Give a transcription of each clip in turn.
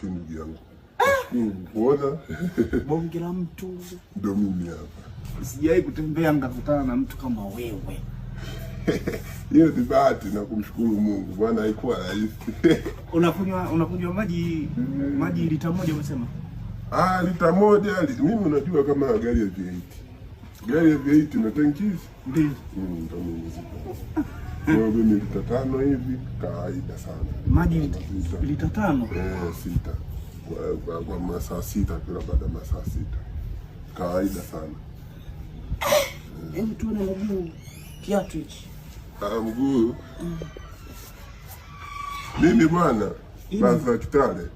si mji wangu kuona bonge la mtu ndo mimi hapa. Sijawahi kutembea nikakutana na mtu kama wewe. Hiyo ni bahati na kumshukuru Mungu, bwana, haikuwa rahisi. Unakunywa unakunywa maji maji lita moja umesema? Ah, lita moja mimi unajua kama gari ya v Gari ya V8 na tankizi mbili, mimi lita tano hivi kawaida sana, maji lita tano eh, sita kwa, kwa masaa sita kila baada masaa sita kawaida sana eh. mguu kiatu hichi ah, mguu mimi bwana basi za Kitale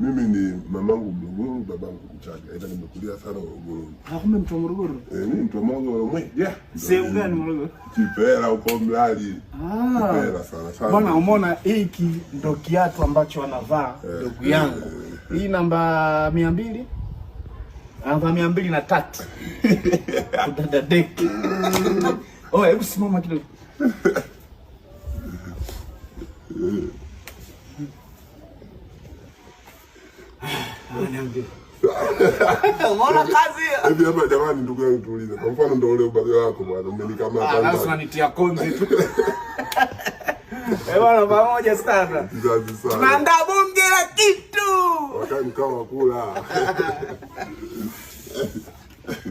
mimi ni mamangu Mluguru, babangu Kuchaga. ila nimekulia sana Morogoro. Ah, kumbe mtu wa Morogoro? Eh, mimi mtu wa Morogoro mwenyewe. Sehemu gani Morogoro? Kipera uko mlaji. Ah. Kipera sana sana. Bwana, umeona hiki ndo kiatu ambacho anavaa eh, ndugu eh, yangu. Eh, Hii namba 200 namba 203. Dada Deki. Oh, hebu simama kidogo. Umeona kazi hivi hapa jamani, ndugu yangu, tuulize. Kwa mfano ndio ule ubadhi wako bwana, umenikamata ah, lazima nitia konzi tu eh bwana, pamoja sana, tunaandaa bonge la kitu, wakati mkao wakula